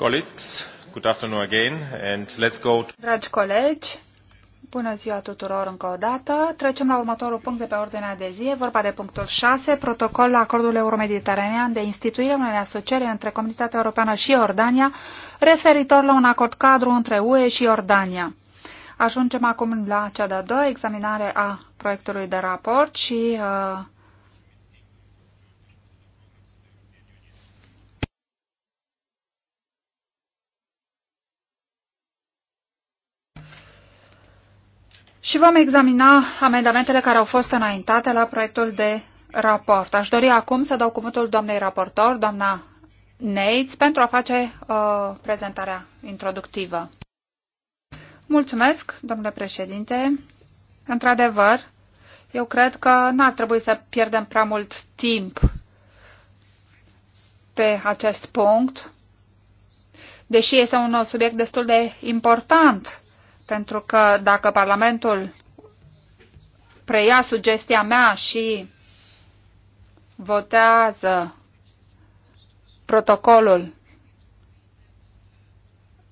Dragi colegi, bună ziua tuturor încă o dată. Trecem la următorul punct de pe ordinea de zi, vorba de punctul 6, protocol la acordul euromediteranean de instituire unei asocieri între Comunitatea Europeană și Iordania, referitor la un acord cadru între UE și Iordania. Ajungem acum la cea de-a doua examinare a proiectului de raport și uh, și vom examina amendamentele care au fost înaintate la proiectul de raport. Aș dori acum să dau cuvântul doamnei raportor, doamna Neitz, pentru a face uh, prezentarea introductivă. Mulțumesc, domnule președinte. Într-adevăr, eu cred că n-ar trebui să pierdem prea mult timp pe acest punct, deși este un subiect destul de important pentru că dacă Parlamentul preia sugestia mea și votează protocolul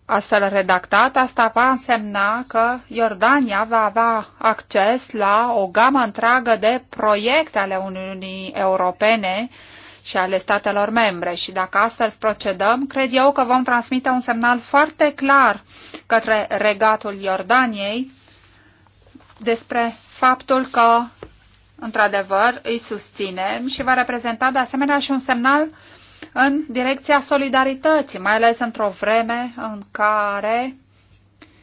astfel redactat, asta va însemna că Iordania va avea acces la o gamă întreagă de proiecte ale Uniunii Europene și ale statelor membre și dacă astfel procedăm, cred eu că vom transmite un semnal foarte clar către regatul Iordaniei despre faptul că, într-adevăr, îi susținem și va reprezenta de asemenea și un semnal în direcția solidarității, mai ales într-o vreme în care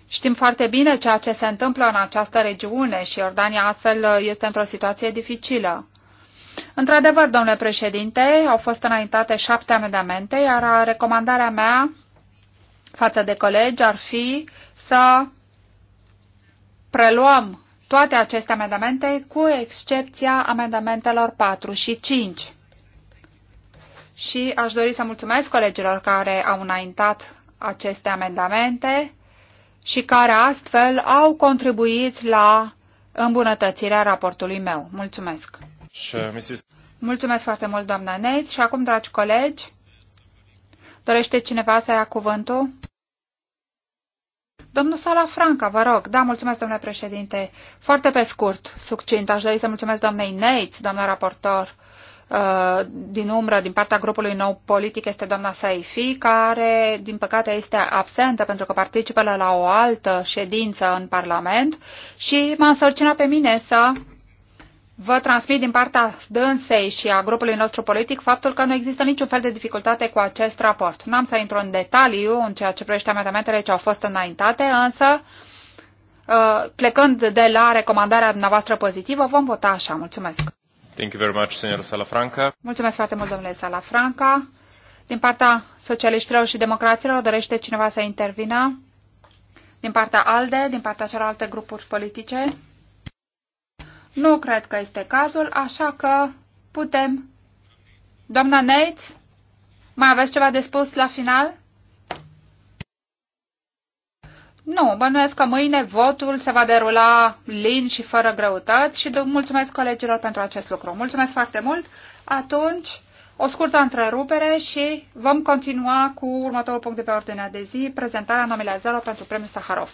știm foarte bine ceea ce se întâmplă în această regiune și Iordania astfel este într-o situație dificilă. Într-adevăr, domnule președinte, au fost înaintate șapte amendamente, iar recomandarea mea față de colegi ar fi să preluăm toate aceste amendamente, cu excepția amendamentelor 4 și 5. Și aș dori să mulțumesc colegilor care au înaintat aceste amendamente și care astfel au contribuit la îmbunătățirea raportului meu. Mulțumesc! Uh, mulțumesc foarte mult, doamna Neitz. Și acum, dragi colegi, dorește cineva să ia cuvântul? Domnul Sala Franca, vă rog. Da, mulțumesc, domnule președinte. Foarte pe scurt, succint, aș dori să mulțumesc doamnei Neitz, doamna raportor, uh, din umbră, din partea grupului nou politic, este doamna Saifi, care, din păcate, este absentă pentru că participă la o altă ședință în Parlament și m-a însărcinat pe mine să Vă transmit din partea dânsei și a grupului nostru politic faptul că nu există niciun fel de dificultate cu acest raport. Nu am să intru în detaliu în ceea ce privește amendamentele ce au fost înaintate, însă, uh, plecând de la recomandarea dumneavoastră pozitivă, vom vota așa. Mulțumesc! Thank you very much, Salafranca. Mulțumesc foarte mult, domnule Salafranca. Din partea socialiștilor și democraților, dorește cineva să intervină? Din partea ALDE, din partea celorlalte grupuri politice? Nu cred că este cazul, așa că putem. Doamna Neitz, mai aveți ceva de spus la final? Nu, bănuiesc că mâine votul se va derula lin și fără greutăți și mulțumesc colegilor pentru acest lucru. Mulțumesc foarte mult. Atunci, o scurtă întrerupere și vom continua cu următorul punct de pe ordinea de zi, prezentarea nominalizărilor pentru premiul Saharov.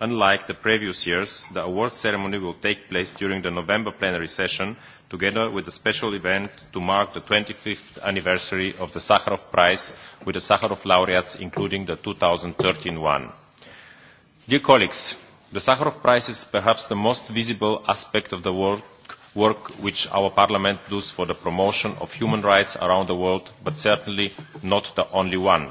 Unlike the previous years, the award ceremony will take place during the November plenary session, together with a special event to mark the 25th anniversary of the Sakharov Prize, with the Sakharov laureates, including the 2013 one. Dear colleagues, the Sakharov Prize is perhaps the most visible aspect of the work, work which our Parliament does for the promotion of human rights around the world, but certainly not the only one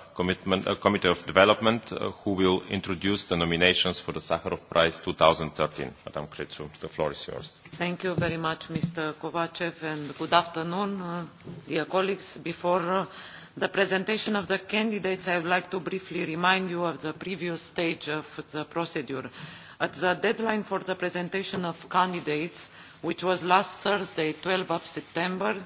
Uh, Committee of Development, uh, who will introduce the nominations for the Sakharov Prize 2013. Madam Kretsu, the floor is yours. Thank you very much, Mr. Kovachev, and good afternoon, uh, dear colleagues. Before uh, the presentation of the candidates, I would like to briefly remind you of the previous stage of the procedure. At the deadline for the presentation of candidates, which was last Thursday, 12 of September,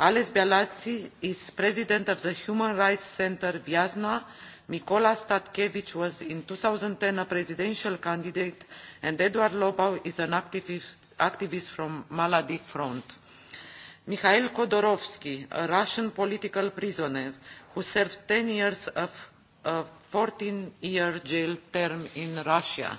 ales bialatski is president of the human rights centre viasna mikola statkevich was in two thousand and ten a presidential candidate and eduard lobau is an activist, activist from maladi front. mikhail khodorkovsky a russian political prisoner who served ten years of a fourteen year jail term in russia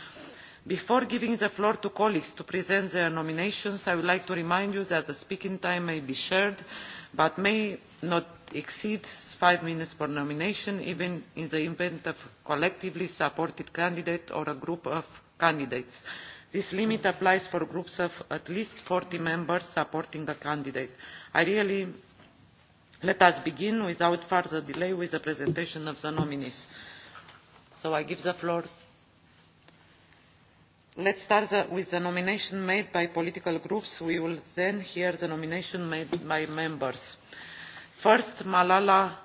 before giving the floor to colleagues to present their nominations i would like to remind you that the speaking time may be shared but may not exceed five minutes per nomination even in the event of a collectively supported candidate or a group of candidates. this limit applies for groups of at least forty members supporting a candidate. i really let us begin without further delay with the presentation of the nominees. so i give the floor let us start with the nomination made by political groups. we will then hear the nomination made by members. first malala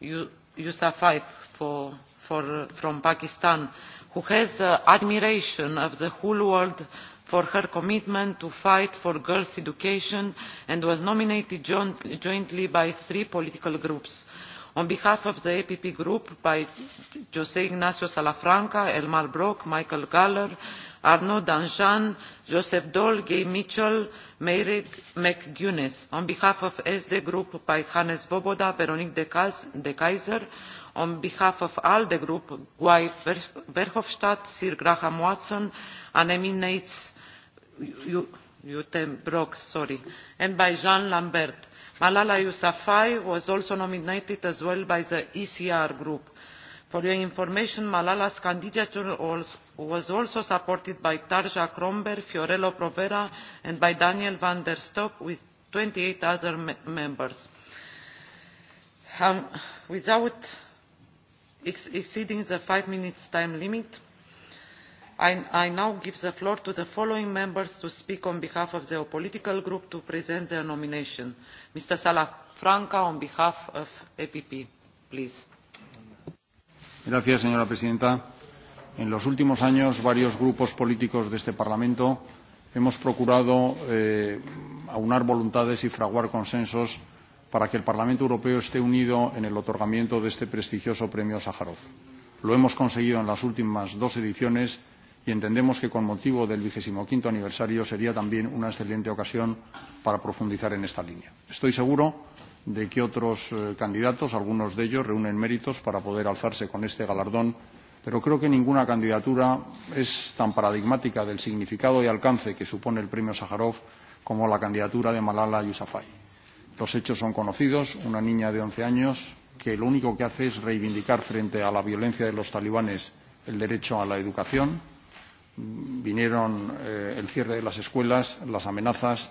yousafzai from pakistan who has the uh, admiration of the whole world for her commitment to fight for girls' education and was nominated jointly by three political groups on behalf of the epp group by jos ignacio salafranca elmar brok michael gahler arnaud danjean joseph daul gay mitchell mairead mcguinness. on behalf of the sd group by hannes swoboda veronique de keyser on behalf of the alde group guy verhofstadt sir graham watson anne minetz jutta brok and by jean lambert. malala yousafzai was also nominated as well by the ecr group for your information malala's candidature was also supported by tarja kromberg fiorello provera and by daniel van der stoep with twenty eight other members. Um, without exceeding the five minutes time limit I, now give the floor to the following members to speak on behalf of their political group to present their nomination mr salafranca on behalf of the epp please. Gracias, señora presidenta. En los últimos años, varios grupos políticos de este Parlamento hemos procurado eh, aunar voluntades y fraguar consensos para que el Parlamento Europeo esté unido en el otorgamiento de este prestigioso premio Sájarov. Lo hemos conseguido en las últimas dos ediciones y entendemos que con motivo del vigesimoquinto aniversario sería también una excelente ocasión para profundizar en esta línea. Estoy seguro de que otros eh, candidatos, algunos de ellos, reúnen méritos para poder alzarse con este galardón, pero creo que ninguna candidatura es tan paradigmática del significado y alcance que supone el premio Sájarov como la candidatura de Malala Yousafzai. Los hechos son conocidos, una niña de 11 años que lo único que hace es reivindicar frente a la violencia de los talibanes el derecho a la educación. Vinieron eh, el cierre de las escuelas, las amenazas,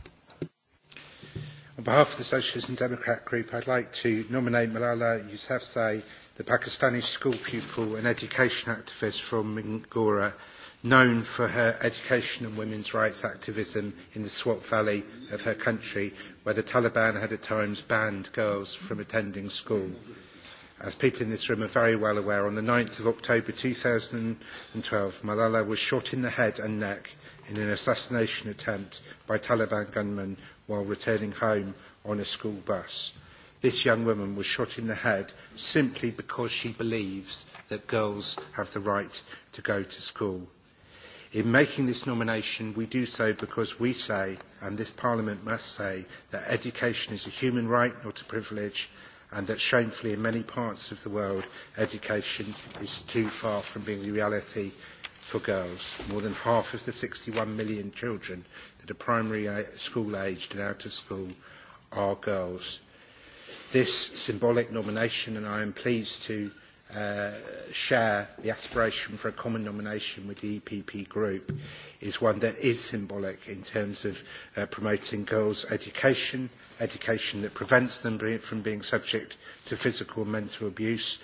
On behalf of the Socialist and Democrat Group, I'd like to nominate Malala Yousafzai, the Pakistani school pupil and education activist from Mingora, known for her education and women's rights activism in the Swat Valley of her country, where the Taliban had at times banned girls from attending school. As people in this room are very well aware, on the 9th of October 2012, Malala was shot in the head and neck in an assassination attempt by Taliban gunmen while returning home on a school bus. This young woman was shot in the head simply because she believes that girls have the right to go to school. In making this nomination, we do so because we say, and this Parliament must say, that education is a human right, not a privilege, and that shamefully in many parts of the world education is too far from being the reality for girls. More than half of the 61 million children that are primary school aged and out of school are girls. This symbolic nomination, and I am pleased to Uh, share the aspiration for a common nomination with the EPP group is one that is symbolic in terms of uh, promoting girls' education, education that prevents them from being subject to physical and mental abuse,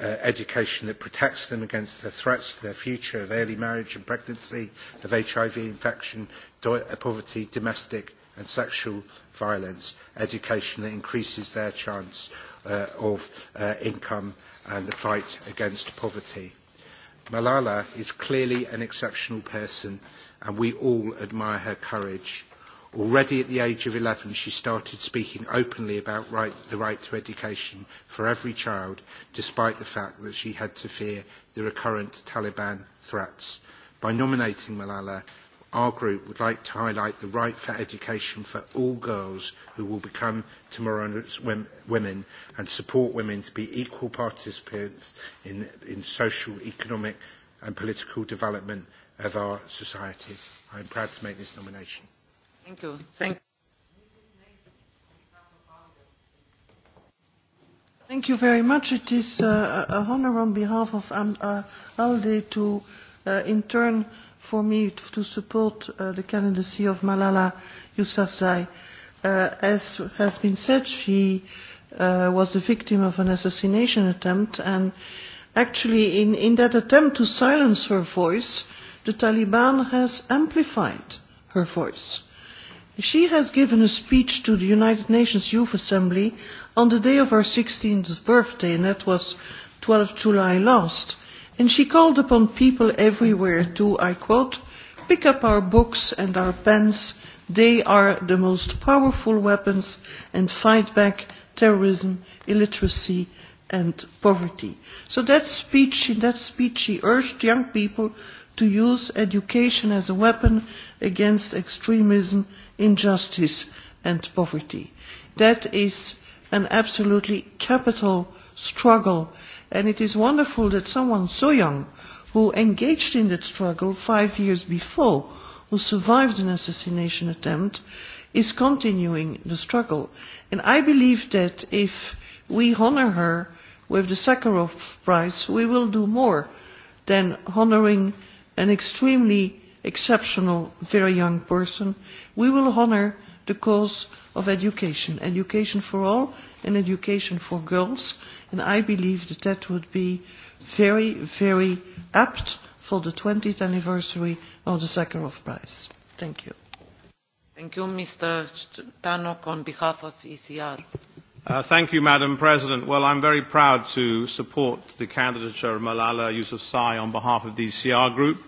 uh, education that protects them against the threats to their future of early marriage and pregnancy, of HIV infection, uh, poverty, domestic and sexual violence, education that increases their chance uh, of uh, income and the fight against poverty. Malala is clearly an exceptional person and we all admire her courage. Already at the age of 11, she started speaking openly about right, the right to education for every child, despite the fact that she had to fear the recurrent Taliban threats. By nominating Malala, our group would like to highlight the right for education for all girls who will become tomorrow's women and support women to be equal participants in, in social, economic and political development of our societies. I am proud to make this nomination. Thank you. Thank Thank you very much. It is uh, a honor on behalf of um, uh, ALDE to uh, in turn uh, for me to support uh, the candidacy of Malala Yousafzai. Uh, as has been said, she uh, was the victim of an assassination attempt, and actually, in, in that attempt to silence her voice, the Taliban has amplified her voice. She has given a speech to the United Nations Youth Assembly on the day of her 16th birthday, and that was 12 July last and she called upon people everywhere to, I quote, pick up our books and our pens. They are the most powerful weapons and fight back terrorism, illiteracy, and poverty. So that speech, in that speech she urged young people to use education as a weapon against extremism, injustice and poverty. That is an absolutely capital struggle And it is wonderful that someone so young, who engaged in that struggle five years before, who survived an assassination attempt, is continuing the struggle. And I believe that if we honor her with the Sakharov Prize, we will do more than honoring an extremely exceptional, very young person. We will honor the cause of education, education for all and education for girls. And I believe that that would be very, very apt for the 20th anniversary of the Sakharov Prize. Thank you. Thank you, Mr. Tannock, on behalf of ECR. Uh, thank you, Madam President. Well, I'm very proud to support the candidature of Malala Yousafzai on behalf of the ECR group.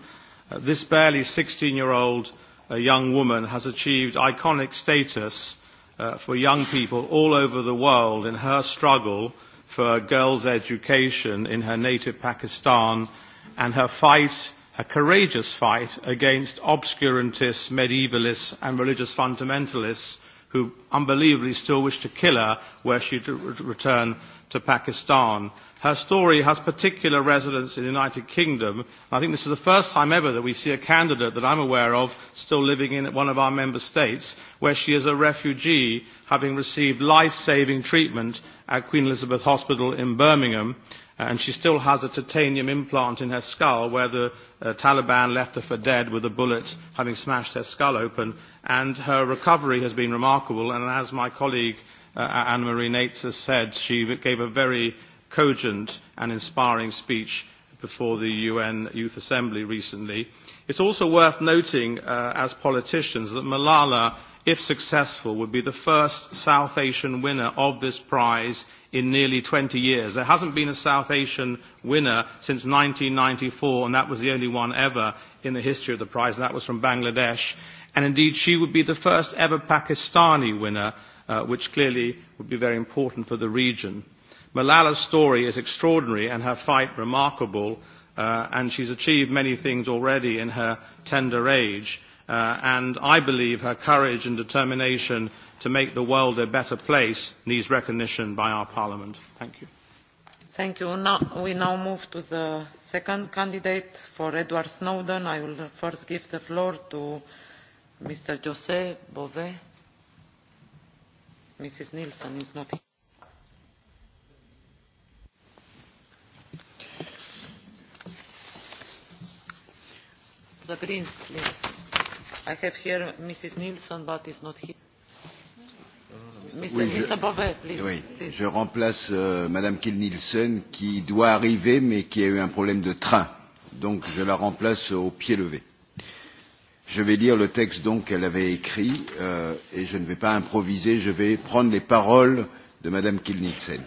Uh, this barely 16-year-old uh, young woman has achieved iconic status uh, for young people all over the world in her struggle for girls' education in her native Pakistan and her fight, her courageous fight against obscurantists, medievalists and religious fundamentalists who unbelievably still wish to kill her where she to return to Pakistan. Her story has particular resonance in the United Kingdom. I think this is the first time ever that we see a candidate that I'm aware of still living in one of our member states, where she is a refugee, having received life-saving treatment at Queen Elizabeth Hospital in Birmingham. And she still has a titanium implant in her skull where the uh, Taliban left her for dead with a bullet having smashed her skull open. And her recovery has been remarkable. And as my colleague uh, Anne Marie Nates has said, she gave a very cogent and inspiring speech before the UN Youth Assembly recently. It's also worth noting uh, as politicians that Malala, if successful, would be the first South Asian winner of this prize in nearly 20 years. There hasn't been a South Asian winner since 1994, and that was the only one ever in the history of the prize, and that was from Bangladesh. And indeed, she would be the first ever Pakistani winner Uh, which clearly would be very important for the region. Malala's story is extraordinary and her fight remarkable, uh, and she's achieved many things already in her tender age. Uh, and I believe her courage and determination to make the world a better place needs recognition by our Parliament. Thank you. Thank you. Now, we now move to the second candidate for Edward Snowden. I will first give the floor to Mr. Jose Bové. Mrs. is not The Greens, please. I have here Mrs. but is not here. je, please, oui, je remplace euh, Madame Kiel Nielsen qui doit arriver mais qui a eu un problème de train. Donc je la remplace au pied levé. Je vais lire le texte donc qu'elle avait écrit euh, et je ne vais pas improviser, je vais prendre les paroles de Madame Kilnitsen.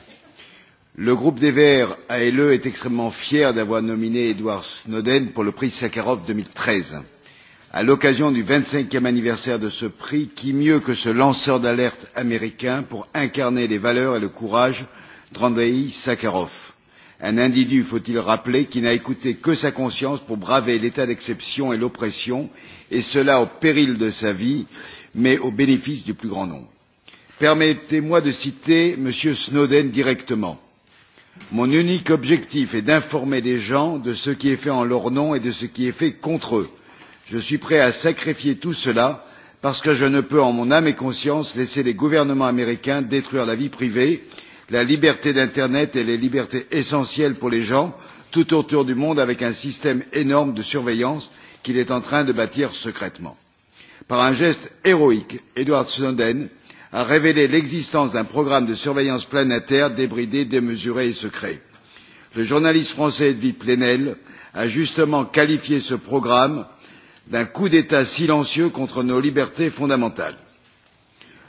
Le groupe des Verts ALE est extrêmement fier d'avoir nominé Edward Snowden pour le prix Sakharov 2013. À l'occasion du 25e anniversaire de ce prix, qui mieux que ce lanceur d'alerte américain pour incarner les valeurs et le courage d'Andrei Sakharov un individu faut il rappeler qui n'a écouté que sa conscience pour braver l'état d'exception et l'oppression et cela au péril de sa vie mais au bénéfice du plus grand nombre. permettez moi de citer m. snowden directement mon unique objectif est d'informer les gens de ce qui est fait en leur nom et de ce qui est fait contre eux. je suis prêt à sacrifier tout cela parce que je ne peux en mon âme et conscience laisser les gouvernements américains détruire la vie privée et la liberté d'internet et les libertés essentielles pour les gens tout autour du monde avec un système énorme de surveillance qu'il est en train de bâtir secrètement. par un geste héroïque edward snowden a révélé l'existence d'un programme de surveillance planétaire débridé démesuré et secret. le journaliste français edwy plenel a justement qualifié ce programme d'un coup d'état silencieux contre nos libertés fondamentales.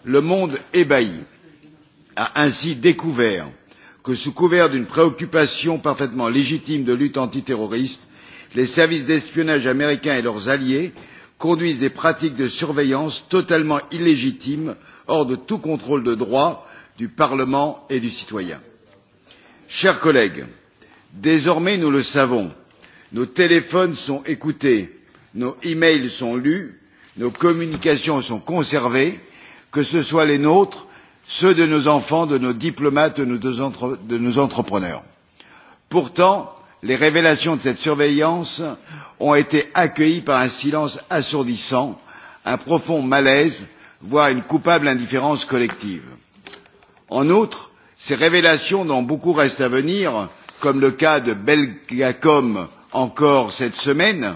le monde ébahit a ainsi découvert que sous couvert d'une préoccupation parfaitement légitime de lutte antiterroriste les services d'espionnage américains et leurs alliés conduisent des pratiques de surveillance totalement illégitimes hors de tout contrôle de droit du parlement et du citoyen. chers collègues désormais nous le savons nos téléphones sont écoutés nos e mails sont lus nos communications sont conservées que ce soit les nôtres ceux de nos enfants, de nos diplomates, de nos, entrepreneurs. Pourtant, les révélations de cette surveillance ont été accueillies par un silence assourdissant, un profond malaise, voire une coupable indifférence collective. En outre, ces révélations dont beaucoup reste à venir, comme le cas de Belgacom encore cette semaine,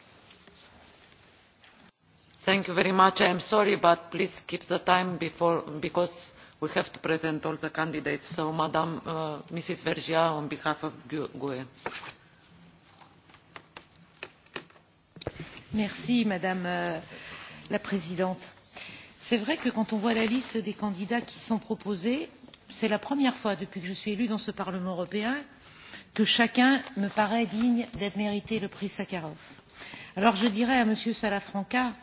thank you very much. i am sorry but please keep the time because we have to present all the candidates. so mrs uh, vergiat on behalf of gue Merci, madame euh, la présidente c'est vrai que quand on voit la liste des candidats qui sont proposés c'est la première fois depuis que je suis élue dans ce parlement européen que chacun me paraît digne d'être mérité le prix sakharov. alors je dirais à m. salafranca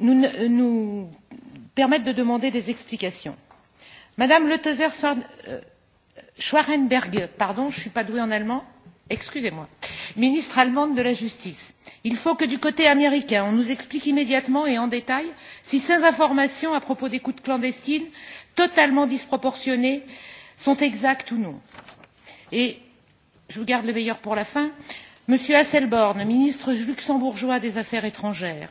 nous, nous permettent de demander des explications. madame lutheuser euh, schwarzenberg pardon je ne suis pas douée en allemand excusez moi ministre allemande de la justice il faut que du côté américain on nous explique immédiatement et en détail si ces informations à propos d'écoutes clandestines totalement disproportionnées sont exactes ou non. et je vous garde le meilleur pour la fin monsieur hasselborn ministre luxembourgeois des affaires étrangères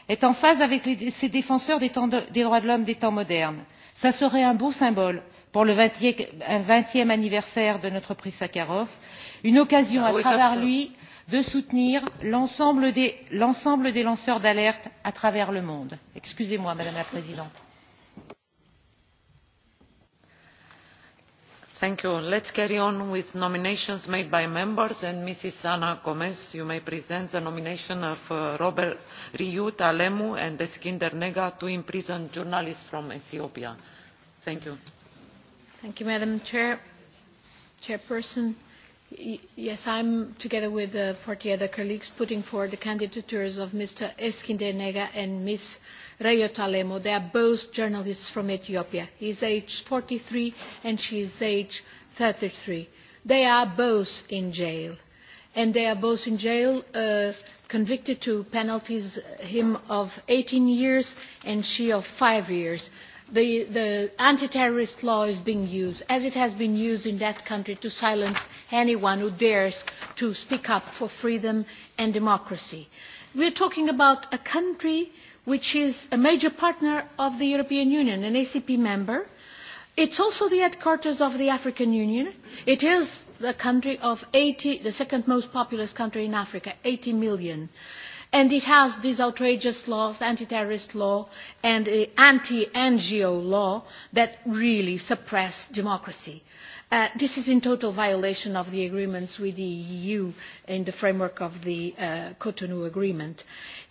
et est en phase avec ces défenseurs des, droits de l'homme des temps modernes. ce serait un beau symbole pour le euh, vingtième anniversaire de notre prix sakharov une occasion ah à travers lui de soutenir l'ensemble des lanceurs d'alerte à travers le monde. excusez moi madame la présidente. Thank you. Let's carry on with nominations made by members. And Mrs. Ana Gomez, you may present the nomination of uh, Robert Riut Alemu and Eskinder Nega, two imprisoned journalists from Ethiopia. Thank you. Thank you, Madam Chairperson, yes, I'm, together with uh, 40 other colleagues, putting forward the candidatures of Mr. Eskinder Nega and Ms. Reyot Alemo. They are both journalists from Ethiopia. He is aged 43 and she is aged 33. They are both in jail. And they are both in jail, uh, convicted to penalties, him of 18 years and she of 5 years. The, the anti-terrorist law is being used, as it has been used in that country, to silence anyone who dares to speak up for freedom and democracy. We are talking about a country which is a major partner of the European Union, an ACP member. It's also the headquarters of the African Union. It is the country of 80, the second most populous country in Africa, 80 million. And it has these outrageous laws, anti-terrorist law and anti-NGO law that really suppress democracy. Uh, this is in total violation of the agreements with the EU in the framework of the uh, Cotonou Agreement.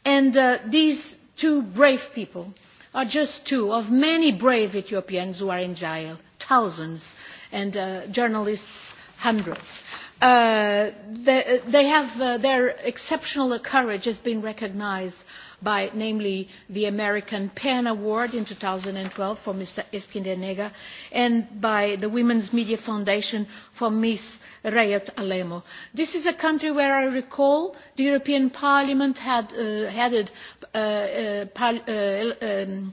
And uh, these two brave people are just two of many brave Ethiopians who are in jail, thousands, and uh, journalists hundreds. Uh, they, uh, they have, uh, their exceptional courage has been recognised by namely the American PEN Award in 2012 for Mr. Nega and by the Women's Media Foundation for Ms. Rayot Alemo. This is a country where I recall the European Parliament had uh, headed uh, uh, par uh, um,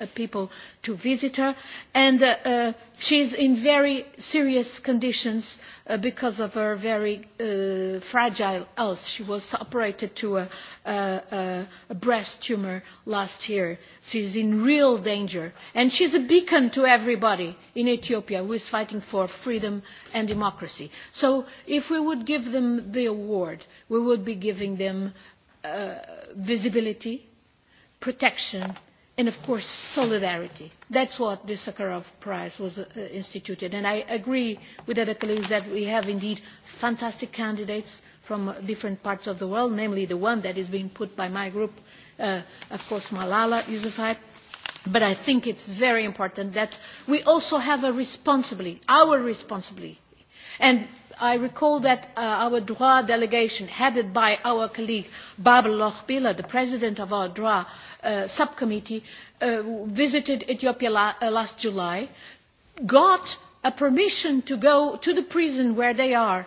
Uh, people to visit her. And uh, uh she is in very serious conditions uh, because of her very uh, fragile health. She was operated to a, a, a breast tumour last year. She is in real danger. And she is a beacon to everybody in Ethiopia who is fighting for freedom and democracy. So if we would give them the award, we would be giving them visibility, protection, and of course solidarity. that is what the sakharov prize was uh, instituted for and i agree with other colleagues that we have indeed fantastic candidates from different parts of the world namely the one that is being put by my group uh, of course malala yousafzai but i think it is very important that we also have a responsibility our responsibility and I recall that uh, our DRA delegation, headed by our colleague Babel Lochbihler, the president of our DRA uh, subcommittee, uh, visited Ethiopia la uh, last July, got a permission to go to the prison where they are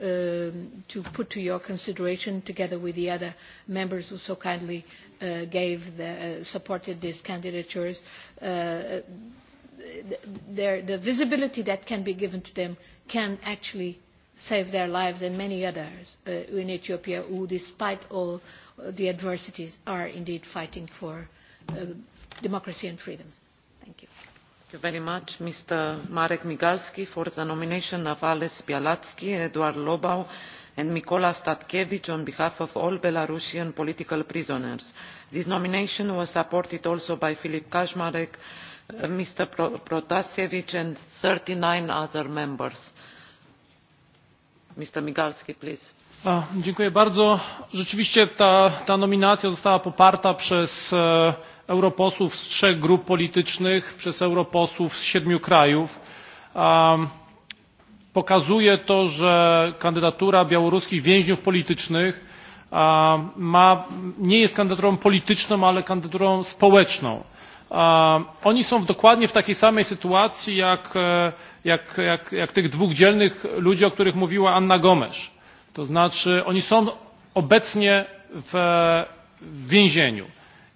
um, to put to your consideration together with the other members who so kindly uh, gave the, uh, supported these candidatures. Uh, the visibility that can be given to them can actually save their lives and many others uh, in Ethiopia who, despite all uh, the adversities, are indeed fighting for uh, democracy and freedom. Thank you. Thank you very much, Mr. Marek Migalski, for the nomination of Ales Bialatsky, Eduard Lobau, and Mikola Statkevich on behalf of all Belarusian political prisoners. This nomination was supported also by Filip Kaczmarek, uh, Mr. Protasevich, and 39 other members. Mr. Migalski, please. A, dziękuję bardzo. Rzeczywiście ta, ta nominacja została poparta przez e, europosłów z trzech grup politycznych przez europosłów z siedmiu krajów. Pokazuje to, że kandydatura białoruskich więźniów politycznych nie jest kandydaturą polityczną, ale kandydaturą społeczną. Oni są dokładnie w takiej samej sytuacji jak, jak, tych dwóch dzielnych ludzi, o których mówiła Anna gomes To znaczy oni są obecnie w więzieniu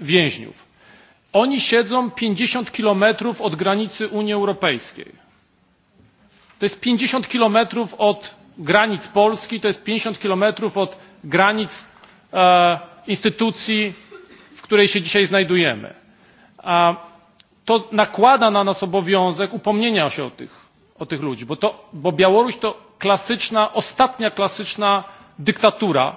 więźniów. Oni siedzą 50 kilometrów od granicy Unii Europejskiej. To jest 50 kilometrów od granic Polski, to jest 50 kilometrów od granic e, instytucji, w której się dzisiaj znajdujemy. A to nakłada na nas obowiązek upomnienia się o tych, o tych ludzi, bo, to, bo Białoruś to klasyczna, ostatnia klasyczna dyktatura,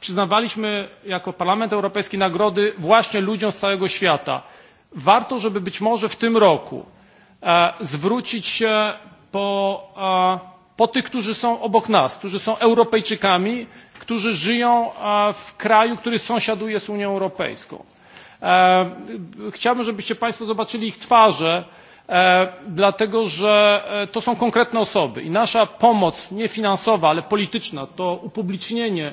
przyznawaliśmy jako parlament europejski nagrody właśnie ludziom z całego świata. warto żeby być może w tym roku zwrócić się po, tych którzy są obok nas którzy są europejczykami którzy żyją w kraju który sąsiaduje z unią europejską. chciałbym żebyście państwo zobaczyli ich twarze dlatego że to są konkretne osoby i nasza pomoc nie finansowa ale polityczna to upublicznienie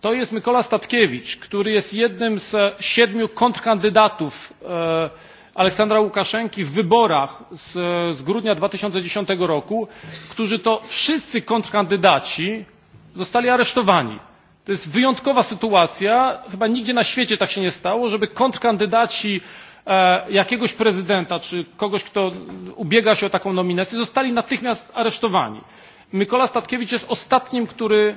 to jest Mykola Statkiewicz, który jest jednym z siedmiu kontrkandydatów Aleksandra Łukaszenki w wyborach z, z grudnia 2010 roku, którzy to wszyscy kontrkandydaci zostali aresztowani. To jest wyjątkowa sytuacja, chyba nigdzie na świecie tak się nie stało, żeby kontrkandydaci jakiegoś prezydenta czy kogoś, kto ubiega się o taką nominację, zostali natychmiast aresztowani. Mykola Statkiewicz jest ostatnim, który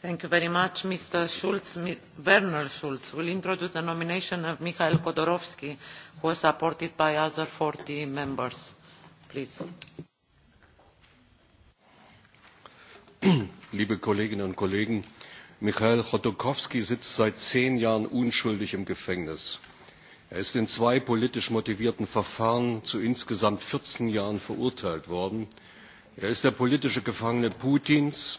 Schulz, Werner Schulz will introduce the nomination of Mikhail Khodorkovsky, who was supported by other 40 members. Liebe Kolleginnen und Kollegen, Mikhail Chodorkowski sitzt seit zehn Jahren unschuldig im Gefängnis. Er ist in zwei politisch motivierten Verfahren zu insgesamt vierzehn Jahren verurteilt worden. Er ist der politische Gefangene Putins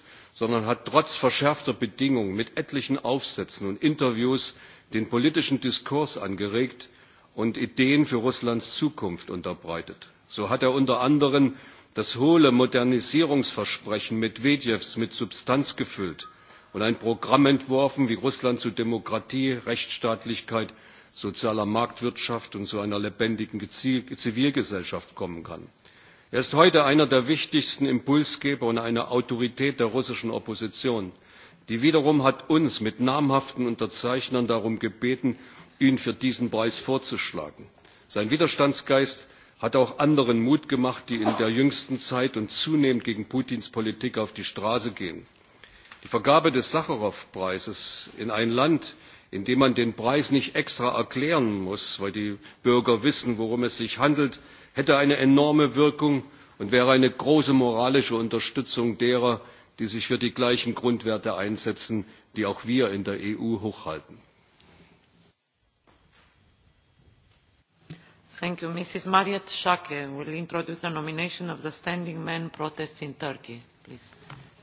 sondern hat trotz verschärfter bedingungen mit etlichen aufsätzen und interviews den politischen diskurs angeregt und ideen für russlands zukunft unterbreitet. so hat er unter anderem das hohle modernisierungsversprechen medwedjews mit substanz gefüllt und ein programm entworfen wie russland zu demokratie rechtsstaatlichkeit sozialer marktwirtschaft und zu einer lebendigen zivilgesellschaft kommen kann er ist heute einer der wichtigsten impulsgeber und eine autorität der russischen opposition. die wiederum hat uns mit namhaften unterzeichnern darum gebeten ihn für diesen preis vorzuschlagen. sein widerstandsgeist hat auch anderen mut gemacht die in der jüngsten zeit und zunehmend gegen putins politik auf die straße gehen. die vergabe des sacharow preises in ein land in dem man den preis nicht extra erklären muss weil die bürger wissen worum es sich handelt hätte eine enorme wirkung und wäre eine große moralische unterstützung derer die sich für die gleichen grundwerte einsetzen die auch wir in der eu hochhalten.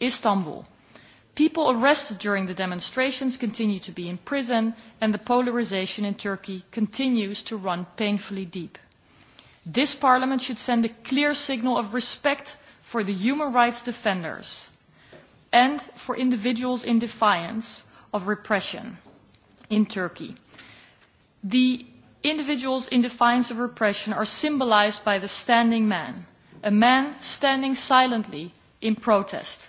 Istanbul. People arrested during the demonstrations continue to be in prison and the polarisation in Turkey continues to run painfully deep. This parliament should send a clear signal of respect for the human rights defenders and for individuals in defiance of repression in Turkey. The individuals in defiance of repression are symbolised by the standing man, a man standing silently in protest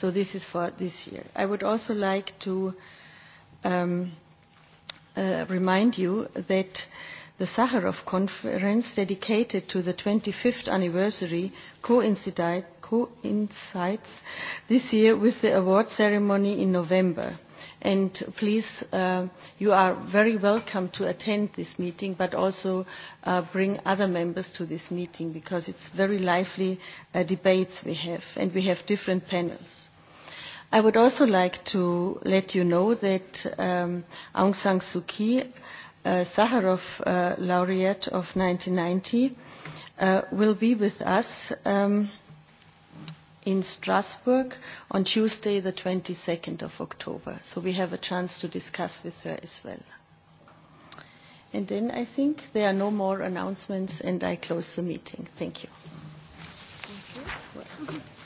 So this is for this year. I would also like to um, uh, remind you that the Sakharov conference dedicated to the 25th anniversary coincided, coincides this year with the award ceremony in November. And please, uh, you are very welcome to attend this meeting, but also uh, bring other members to this meeting because it's very lively uh, debates we have, and we have different panels. I would also like to let you know that um, Aung San Suu Kyi, uh, Sakharov uh, laureate of 1990, uh, will be with us um, in Strasbourg on Tuesday, the 22nd of October. So we have a chance to discuss with her as well. And then I think there are no more announcements, and I close the meeting. Thank you. Thank you.